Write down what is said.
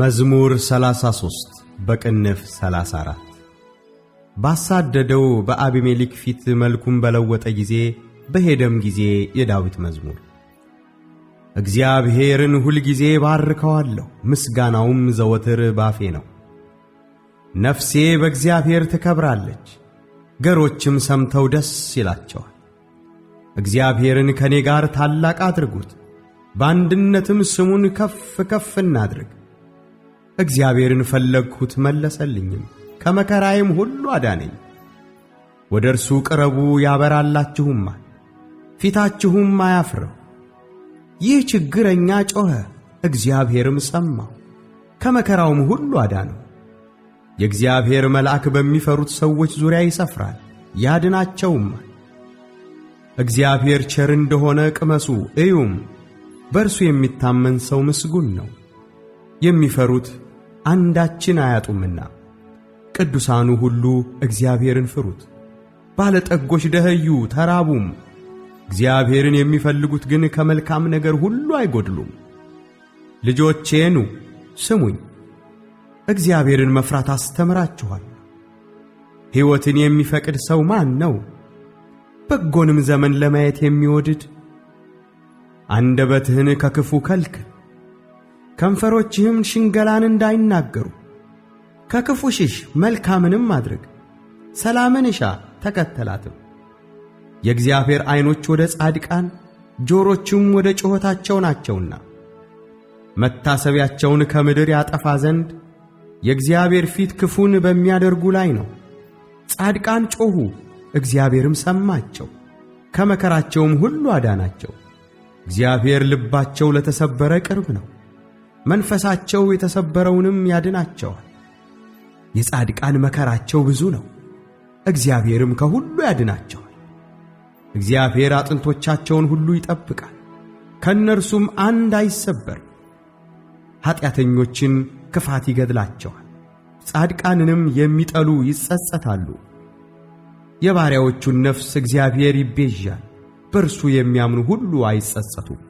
መዝሙር 33 በቅንፍ 34 ባሳደደው በአቢሜሌክ ፊት መልኩን በለወጠ ጊዜ በሄደም ጊዜ የዳዊት መዝሙር። እግዚአብሔርን ሁልጊዜ ባርከዋለሁ፣ ምስጋናውም ዘወትር ባፌ ነው። ነፍሴ በእግዚአብሔር ትከብራለች፣ ገሮችም ሰምተው ደስ ይላቸዋል። እግዚአብሔርን ከእኔ ጋር ታላቅ አድርጉት፣ በአንድነትም ስሙን ከፍ ከፍ እናድርግ። እግዚአብሔርን ፈለግሁት መለሰልኝም፣ ከመከራዬም ሁሉ አዳነኝ። ወደ እርሱ ቅረቡ ያበራላችሁማል፣ ፊታችሁም አያፍርም። ይህ ችግረኛ ጮኸ፣ እግዚአብሔርም ሰማው፣ ከመከራውም ሁሉ አዳነው። የእግዚአብሔር መልአክ በሚፈሩት ሰዎች ዙሪያ ይሰፍራል፣ ያድናቸውማል። እግዚአብሔር ቸር እንደሆነ ቅመሱ እዩም፣ በእርሱ የሚታመን ሰው ምስጉን ነው። የሚፈሩት አንዳችን አያጡምና። ቅዱሳኑ ሁሉ እግዚአብሔርን ፍሩት። ባለጠጎች ደኸዩ ተራቡም፣ እግዚአብሔርን የሚፈልጉት ግን ከመልካም ነገር ሁሉ አይጎድሉም። ልጆቼ ኑ ስሙኝ፣ እግዚአብሔርን መፍራት አስተምራችኋል። ሕይወትን የሚፈቅድ ሰው ማን ነው? በጎንም ዘመን ለማየት የሚወድድ አንደበትህን ከክፉ ከልክል። ከንፈሮችህም ሽንገላን እንዳይናገሩ። ከክፉ ሽሽ፣ መልካምንም አድርግ። ሰላምን እሻ፣ ተከተላትም። የእግዚአብሔር ዐይኖች ወደ ጻድቃን፣ ጆሮቹም ወደ ጩኸታቸው ናቸውና መታሰቢያቸውን ከምድር ያጠፋ ዘንድ የእግዚአብሔር ፊት ክፉን በሚያደርጉ ላይ ነው። ጻድቃን ጮኹ፣ እግዚአብሔርም ሰማቸው፣ ከመከራቸውም ሁሉ አዳናቸው። እግዚአብሔር ልባቸው ለተሰበረ ቅርብ ነው። መንፈሳቸው የተሰበረውንም ያድናቸዋል። የጻድቃን መከራቸው ብዙ ነው፣ እግዚአብሔርም ከሁሉ ያድናቸዋል። እግዚአብሔር አጥንቶቻቸውን ሁሉ ይጠብቃል፣ ከእነርሱም አንድ አይሰበርም። ኀጢአተኞችን ክፋት ይገድላቸዋል፣ ጻድቃንንም የሚጠሉ ይጸጸታሉ። የባሪያዎቹን ነፍስ እግዚአብሔር ይቤዣል፣ በእርሱ የሚያምኑ ሁሉ አይጸጸቱም።